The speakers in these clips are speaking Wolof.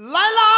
来啦！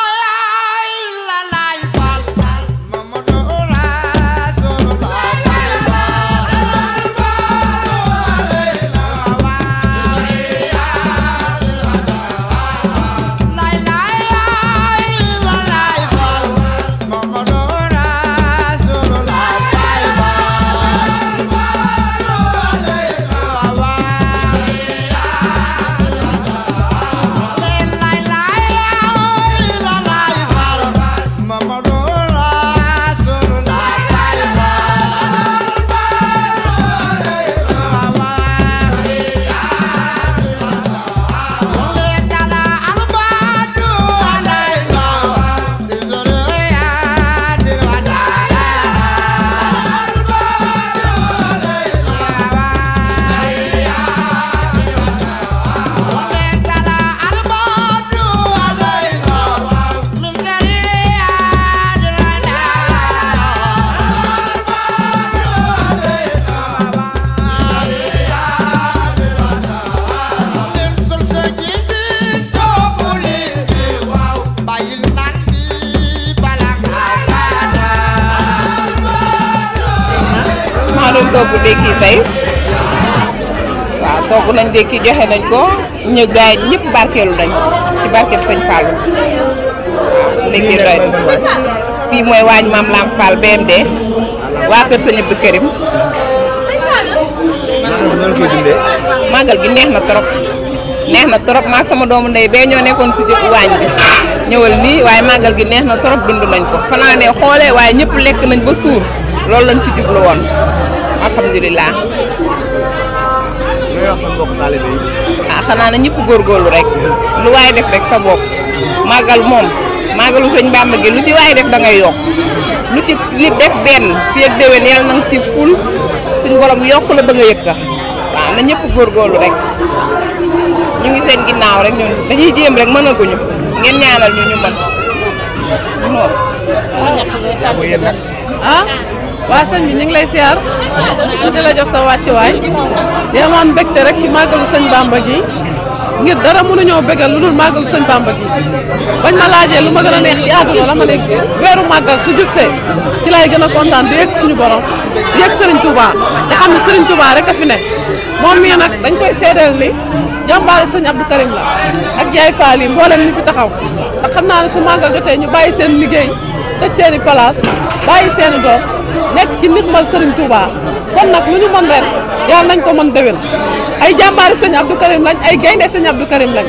togg ndékki tey waaw togg nañ ndékki joxe nañ ko ñu gaay ñëpp barkeelu nañ ci barkeel sëñ Fallou waaw ndékki doy fii mooy waañ maam Lam Fall BMD waa kër sëñ Abdou Karim màggal gi neex na trop neex na trop maag sama doomu ndey bee ñoo nekkoon si waañ bi ñëwal nii waaye màggal gi neex na trop dund nañ ko fanaanee xoolee waaye ñëpp lekk nañ ba suur loolu lañ si jublu woon alhamdulilah. looy wax ah, xanaa na ñëpp góorlu rek lu waay def rek sa bopp màggal moom màggalu sëñ Bàmba gi lu ci waay def da ngay yokk lu ci li def benn fii ak déwén yàlla na nga ci ful suñ borom yokk la ba nga yëg ka waaw na ñëpp góorlu rek ñu ngi seen ginnaaw rek ñun dañuy jéem rek mënaguñu ngeen ñaanal ñu ñu mën. ah. waa sëñ bi ñu ngi lay siyaar di la jox sa wàccuwaay di amaan mbégte rek ci màggalu sëñ Bamba gi ngir dara mënuñoo bégal lu dul màggalu sëñ Bamba gi bañ ma laajee lu ma gën a neex ci àdduna la ma ne weeru màggal su jubsee ci laay gën a kontaan di yëg suñu borom di yëg Serigne Touba te xam ne Serigne Touba rek a fi ne moom mii nag dañ koy seedeel ni jàmbaare sëñ Abdou Karim la ak Jaay Faal yi mboolem ñu fi taxaw ndax xam naa ne su màggal jotee ñu bàyyi seen liggéey tëj seen i seen i nek ci ndigmal Serigne Touba kon nak lu mën rek yàlla nañ ko mën dewel ay jambar serigne Abdou Karim lañ ay gaynde serigne Abdou Karim lañ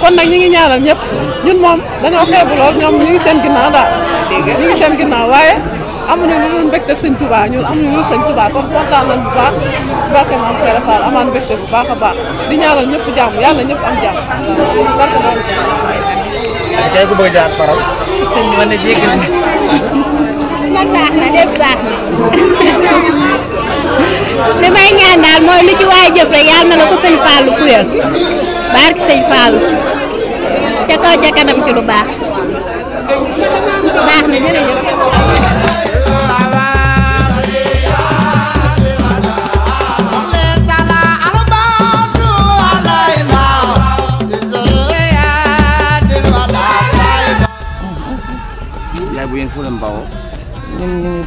kon nak ñi ngi ñaanal ñep ñun mom dañu xeebu lool ñom ñi ngi seen ginnaw da ñi ngi seen ginnaw waye amuñu lu dul mbégte serigne Touba ñun amuñu lu serigne Touba kon kontaan nañ bu baax barké mom Cheikh rafal amaan mbégte bu baaxa baax di ñaanal ñep jamm yalla ñep am jamm barké mom Cheikh Fall ko bëgg jaar param sëñ bi ma man li may ñaan daal mooy lu ci jëf rek yàlla na la ko sëñ Fallou fuyal barki sëñ Fallou ca kaw ca kanam ci lu baax baax na jërëjëf.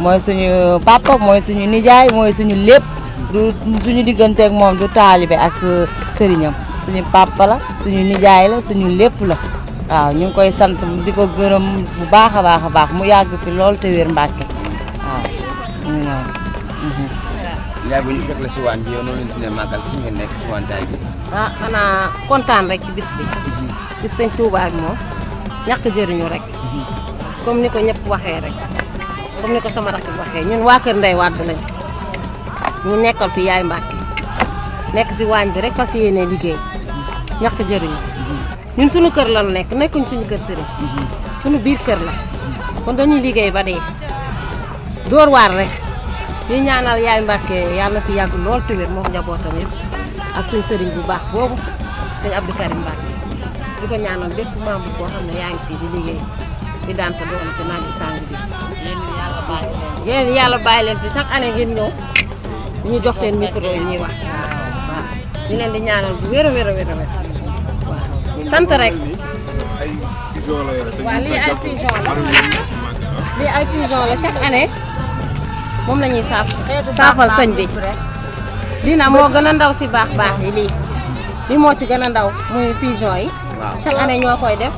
mooy suñu papa mooy suñu nijaay mooy suñu lépp du suñu digganteek moom du taalibe ak euh, sëriñam suñu papa la suñu nijaay la suñu lépp la waaw ñu ngi koy sant di ko gërëm bu baax a baax a baax mu yàgg fi lool te wér Mbàkke waaw mhm. bu ñu fekk la si waan bi yow noonu lañ tuddee nekk si waantaay bi ah kontaan rek ci bis bi bis mhm. sëñ Tuuba moom ñàkk jëriñu rek mhm. comme ni ko ñëpp waxee rek comme ni ko sama rakk waxee ñun waa kër Ndeye Wade lañ ñu nekkal fi yaay Mbacke nekk si waañ bi rek fas yéene liggéey ñaxtu jëriñu ñun suñu kër la nekk nekkuñ suñu kër sëriñ suñu biir kër la kon dañuy liggéey ba dee dóor waar rek ñu ñaanal yaay Mbacke yàlla na fi yàgg lool tuwér moom njabootam yëpp ak suñu sëriñ bu baax boobu sëñ Abdou Karim Mbacke di ko ñaanal bépp membre boo xam ne yaa ngi fii di liggéey di daan sa doole si naaj bi tàng bi. yéen bàyyi leen fi chaque année ngeen ñëw ñu jox seen micro yi ñuy wax. ñu leen di ñaanal bu wér a wér a wér a sant rek. lii ay pigeon la lii ay année moom la ñuy saaf saafal sëñ bi lii nag moo gën a ndaw si baax baax yi lii lii moo ci gën a ndaw muy pigeon yi chaque année ñoo koy def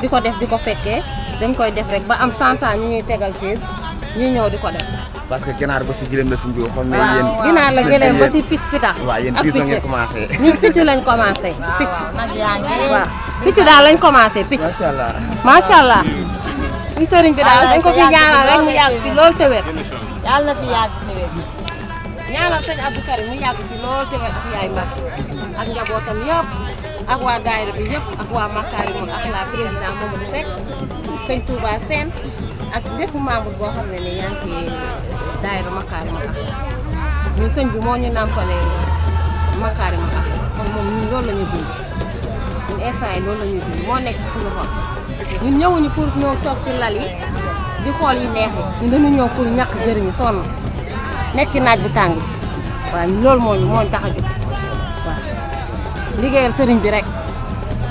di ko def di ko fekkee dañ koy def rek ba am 100 ñu ñuy tegal siis ñu ñëw di ko def. parce que ginaar ba si gëlëm la suñ bi waxoon. waaw yéen la gëlëm ba si picc pitax. waaw yéen picc ngeen commencé. ñun picc lañ commencé. picc nag yaa ngi lañ commencé picc. macha allah macha allah. sëriñ bi daal dañ ko fi ñaanal rek mu yàgg fi lool te wér. yàlla na fi yàgg te wér. ñaanal sëñ Abdou Karim mu yàgg fi lool te wér ak yaay Mbacke ak njabootam ak waa daayira bi yëpp ak waa Makaarimu ak la président Mamadou Seck. sëñ Touba seen ak bépp membre boo xam ne ni yaa ngi ci daayira Makarimal Akhlaq ñun sëñ bi moo ñu nàmpale Makarimal Akhlaq kon moom ñun loolu la ñu dund ñun instant yi loolu la ñu dund moo nekk si suñu xol ñun ñëwuñu pour ñëw toog si lal yi di xool yi neex yi ñun dañu ñëw pour ñàkk jëriñu sonn nekk ci naaj bu tàng bi waaw loolu moo ñu moo ñu tax a jóg waaw liggéeyal sëriñ bi rek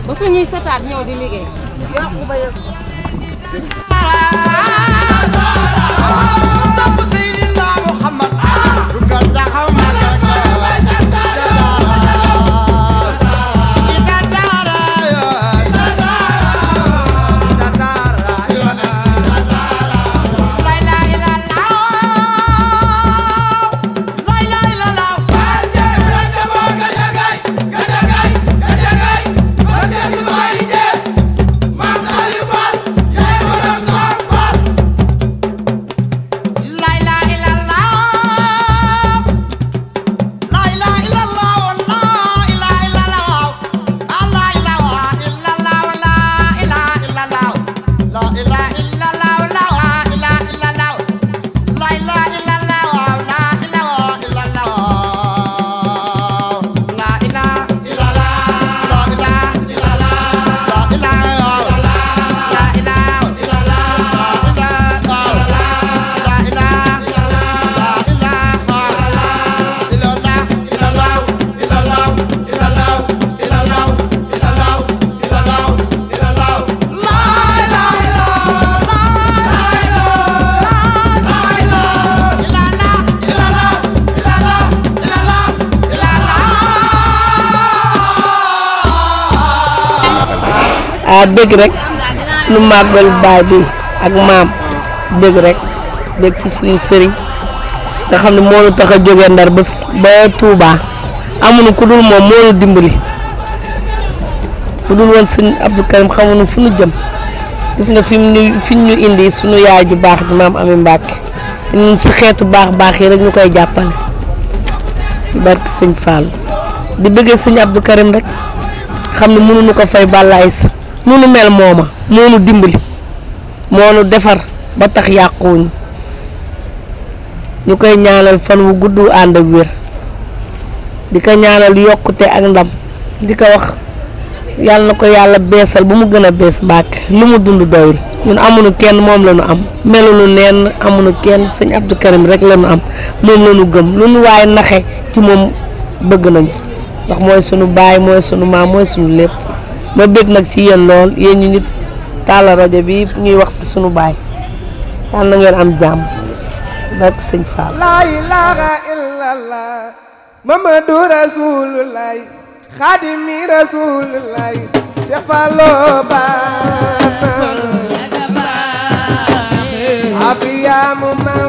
ba suñuy sataat ñëw di liggéey yokku ba yëg Para! Para! Para! ah bëgg rek suñu màggal baay bi ak maam bëgg rek bëgg si suñu sëriñ nga xam ne moo ñu tax a jógee ndar ba ba Touba amuñu ku dul moom moo ñu dimbali ku dul woon sëñ Abdou Karim xamuñu fu ñu jëm gis nga fi ñu fi ñu indi suñu yaay ju baax di maam Amy Mbacke ñun si xeetu baax baax yi rek ñu koy jàppale ci barki di bëggee sëñ Abdou Karim rek xam ne mënuñu ko fay bàllaay sa nunu mel mooma moonu dimbali moonu defar ba tax yaquñ ñu koy ñaanal fan wu gudd and ak wér dika ñaanal yokute ak ndam dika wax yalla nako yalla yàlla bu mu gëna lu mu dund ñun amuñu kenn mom lañu am am melunu nenn amuñu kenn sëñ abdou karim rek lañu am mom lañu gëm lu ñu way naxé ci mom bëgg nañ ndax moy suñu baay moy suñu ma moy suñu lepp ba bëgg nak si yeen lool yeen ñi nit tala radio bi ñuy wax ci suñu bay tan na ngeen am jàmm barke señ fa la ilaha illallah mamadu rasulullahi xaadimi rasulullahi Cheikh Fallo Ba afiya mu mam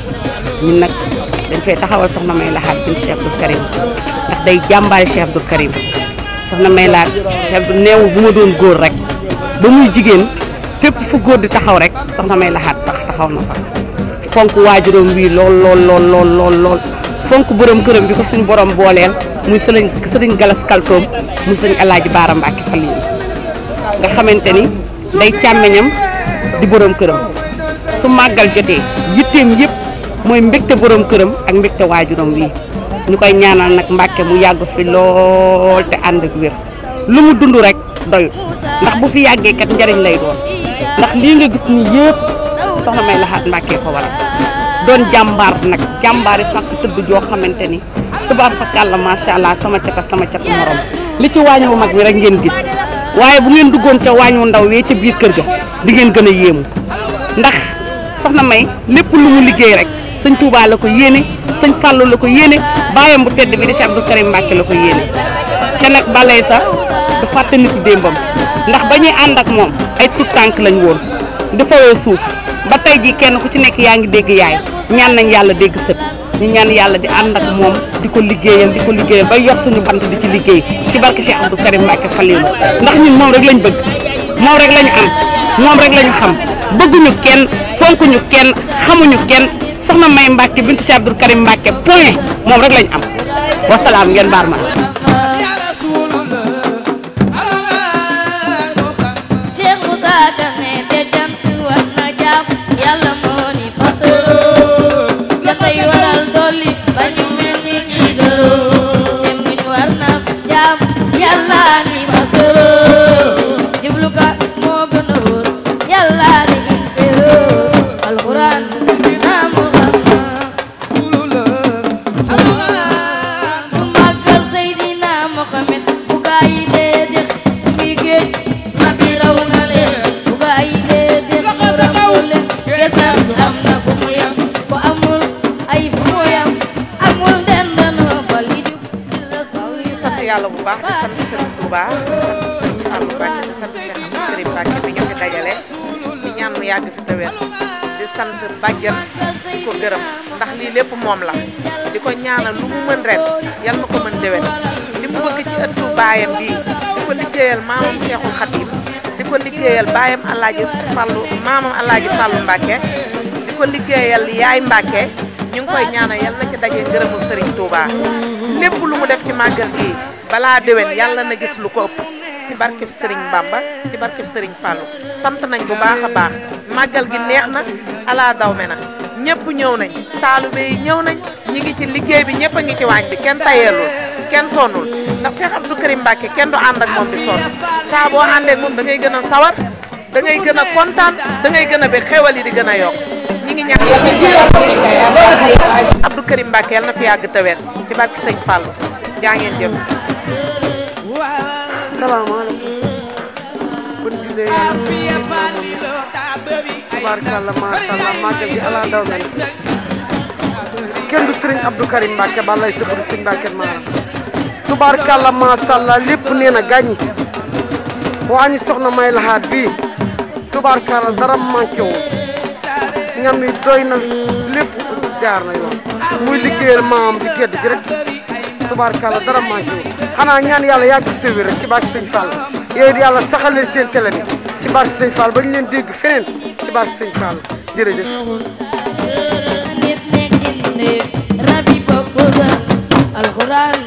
ñun nag dañ fay taxawal soxna May Lahat bint Cheikh Abdoul Karim ndax day jàmbaari Cheikh Abdoul Karim soxna May Lahat Cheikh Abdoul neewu bu ma doon góor rek ba muy jigéen fépp fu góor di taxaw rek soxna May Lahat tax taxaw na fa fonk waajuram wii lool lool lool lool lool fonk borom këram bi ko suñu borom booleel muy sëriñ sëriñ Galas Kaltoom mu sëriñ Alaaji Baara Mbàkke Fall nga xamante ni day càmmiñam di borom këram su màggal jotee yitteem yëpp moy mbekté borom kërëm ak mbekté waajuram wi ñukay ñaanal nak mbacké mu yàgg fi lool te and ak wër lu mu dund rek doy ndax bu fi yàggee kat ndariñ lay doon ndax li nga gis ni yépp soxna may xat mbacké ko waral doon jambar nak jàmbaari fàq tëdd jo xamanteni ni fa kala ma sha allah sama ta sama cata morom li ci bu mag wi rek ngeen gis waye bu ngeen duggon ci wañu ndaw wi ci biir kër jox di ngeen gëna yému ndax soxna may lepp lu mu liggéey rek sëñ tuubaale la ko yéene sëñ Fallou la ko yéene bàyyam bu tedd bi di Cheikh Abdou Karim Mbacke la ko yéene te nag balay sax du fàttaliku démbam ndax ba ñuy ànd ak moom ay tout tànk lañ woon di fawee suuf ba tey ji kenn ku ci nekk yaa ngi dégg yaay ñaan nañ yàlla dégg sët ñu ñaan yàlla di ànd ak moom di ko liggéeyal di ko liggéeyal ba yor suñu bant di ci liggéey ci barke si Abdou Karim Mbacke Falilou ndax ñun moom rek lañ bëgg moom rek lañ am moom rek lañ xam bëgguñu kenn fonkuñu kenn soxna May Mbacke bintu Cheikh Abdou Karim Mbacke point moom rek lañ am wasalaam ngeen baar ma ñaan mu yàgg fi tawér di sant bàjjen di ko gërëm ndax lii lépp moom la di ko ñaana lu mu mën ren yal na ko mën déwén li mu bëgg ci ëttu baayam bii di ko liggéeyal maamam Seexul Xadim di ko liggéeyal baayam Alaaji Fallu maamam Alaaji Fallu Mbàkke di ko liggéeyal yaay Mbàkke ñu ngi koy ñaanal yal na ci daje ngërëmu Serigne Touba lépp lu mu def ci màggal gi balaa déwén yàlla na gis lu ko ëpp ci barkeb Serigne Bamba ci barkeb Serigne fallu sant nañ bu baax baax magal gi neexna ala daw me na ñëpp ñëw nañ talube yi ñew nañ ñi ngi ci liggey bi ñepp ngi ci waañ bi kenn tayelu kenn sonul ndax Cheikh Abdou Karim Mbacke kenn du and ak mom bi son sa bo mom da ngay gëna sawar da ngay gëna contane da ngay gëna be xewal yi di gëna yok ñi ngi ñak Abdou Karim Mbacke na fi yag tawel ci barke serigne fallu salaamaaleykum buñ julee yàlla tubaarkàlla macha allah màggal gi ala daw kenn du Serigne Abdou Karim Mbacke balay sëbëru Serigne Mbacke maaram tubaarkàlla macha allah lépp nee na gàññi waa ñu soxna may laxaat bii tubaarkàlla dara manqué wu ñam yi doy na lépp jaar na yoon muy liggéeyal maam bi tedd gi rek tubaarkàlla xanaa ñaan yàlla yàgg fi tëwér rek ci barke sëñ Fall yooyu yàlla saxal leen seen télé bi ci barke sëñ Fall ba ñu leen dégg feneen ci barke sëñ Fall jërëjëf alxuraan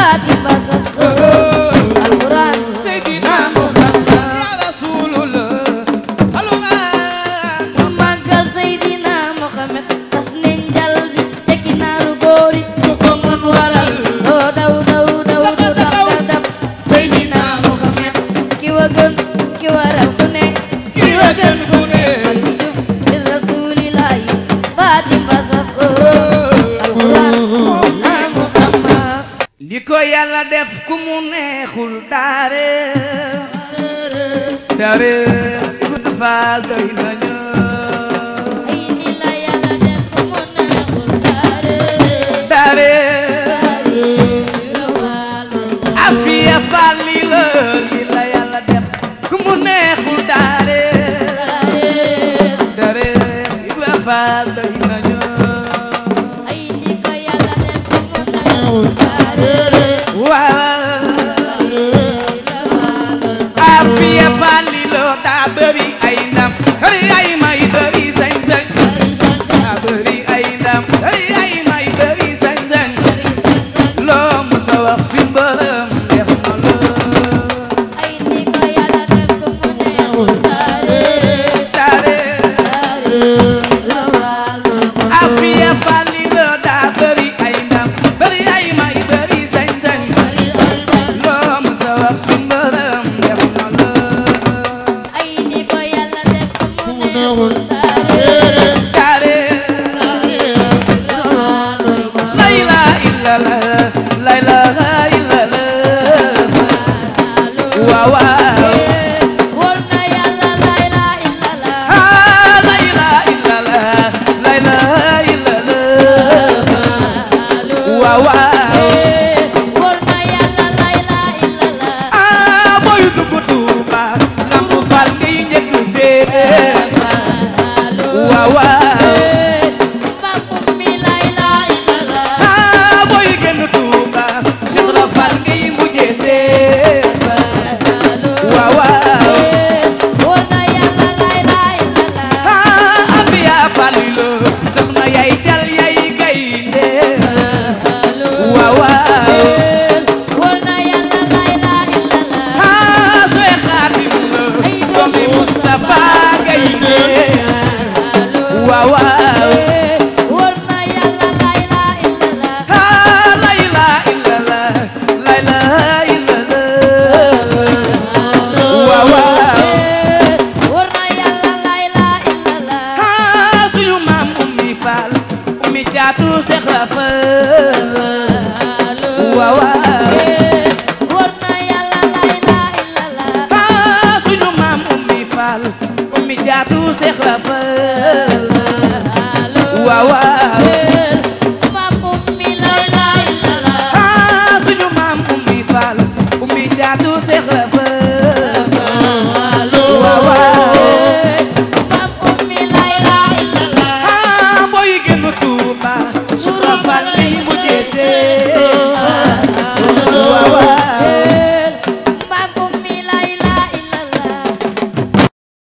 Fatima faal doy nañu ay ni la yàlla def bu ko neexul daare daare afiya faal li la li la yàlla Wow, wow. Yeah.